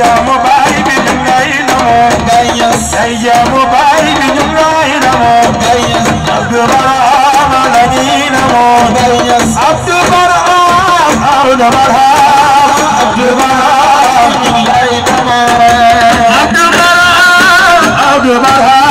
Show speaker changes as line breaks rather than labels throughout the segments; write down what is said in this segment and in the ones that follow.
Sayyamu bai bijum rai namo Gayyas Sayyamu bai bijum rai namo namo Gayyas Abdu Barham Abdu Barham Abdu Barham Abdu Barham Abdu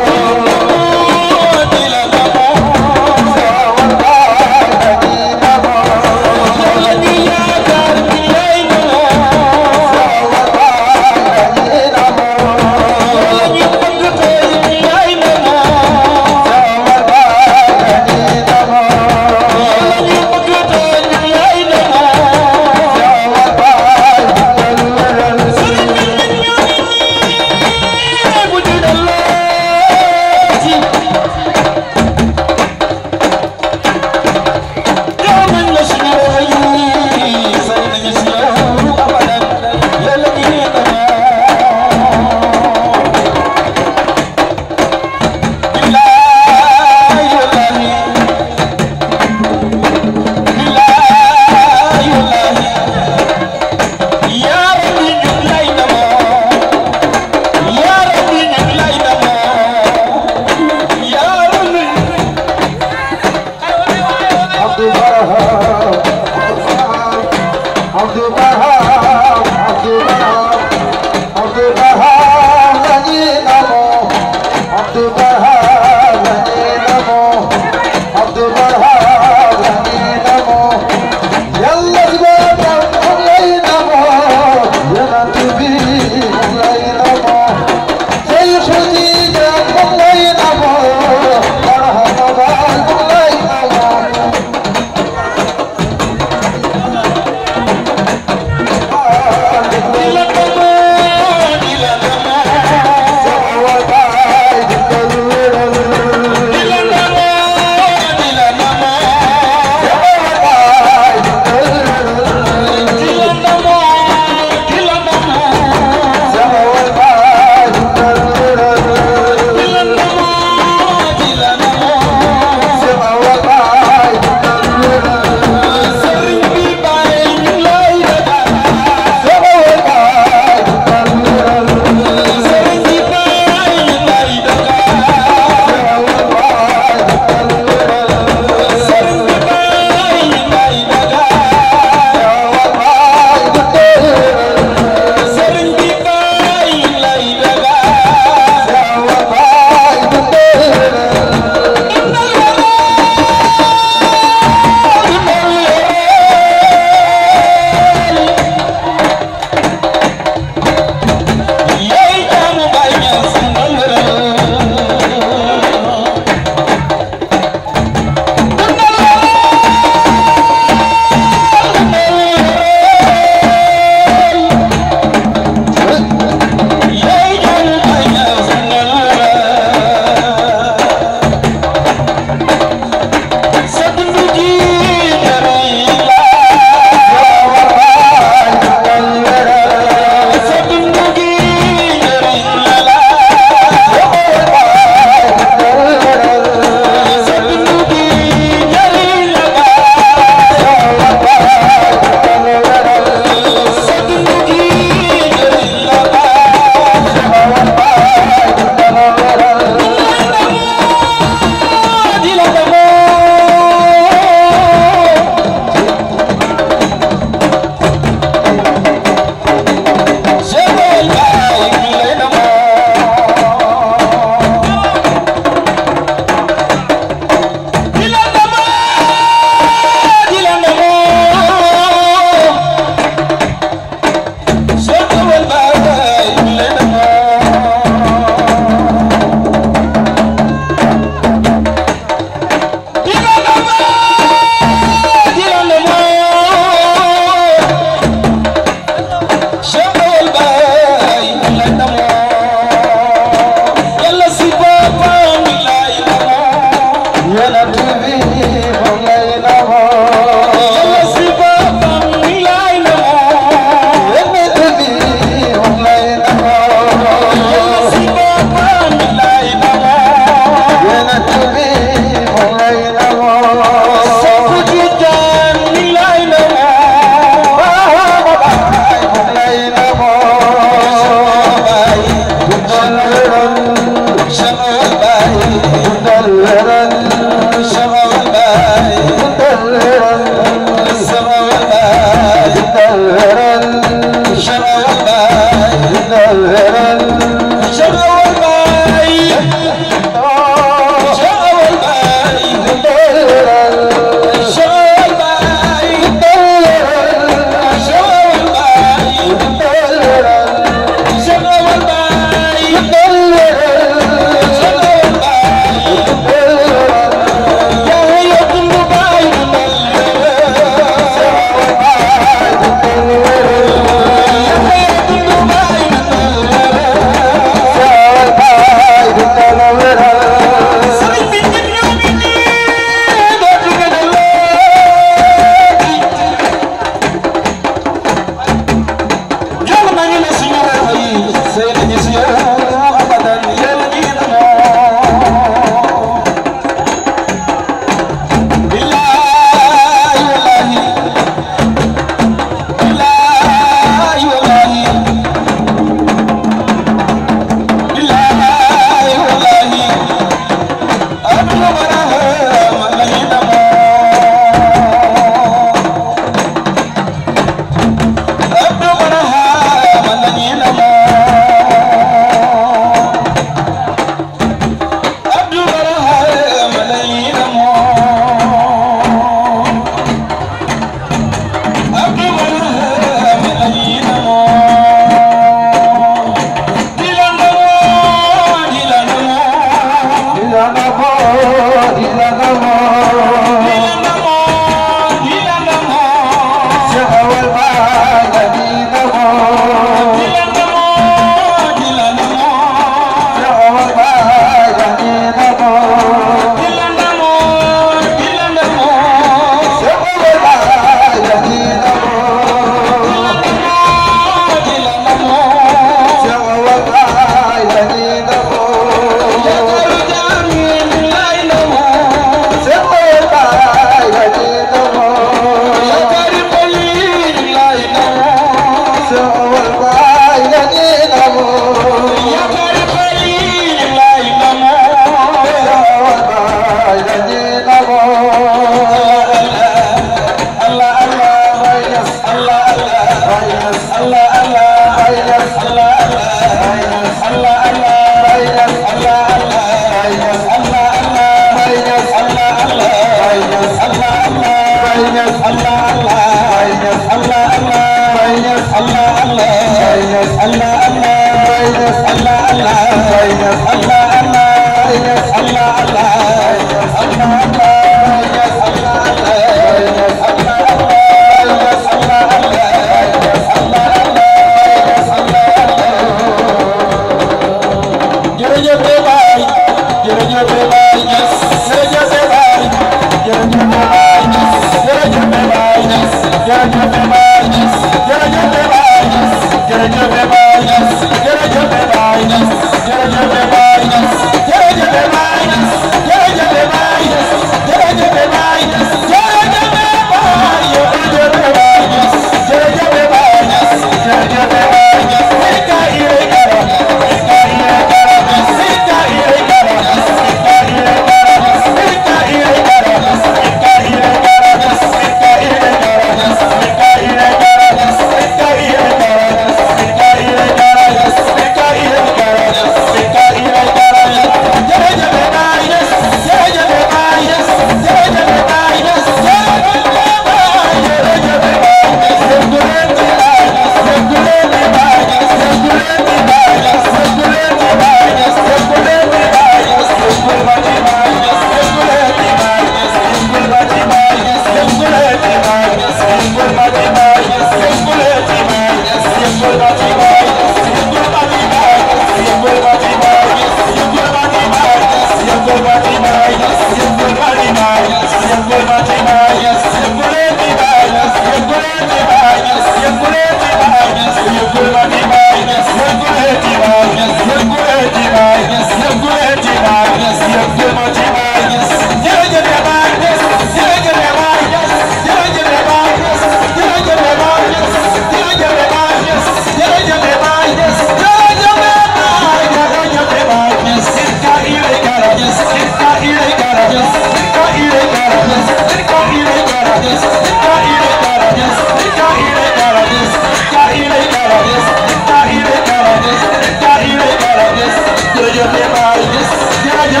Get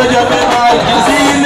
a job in my house.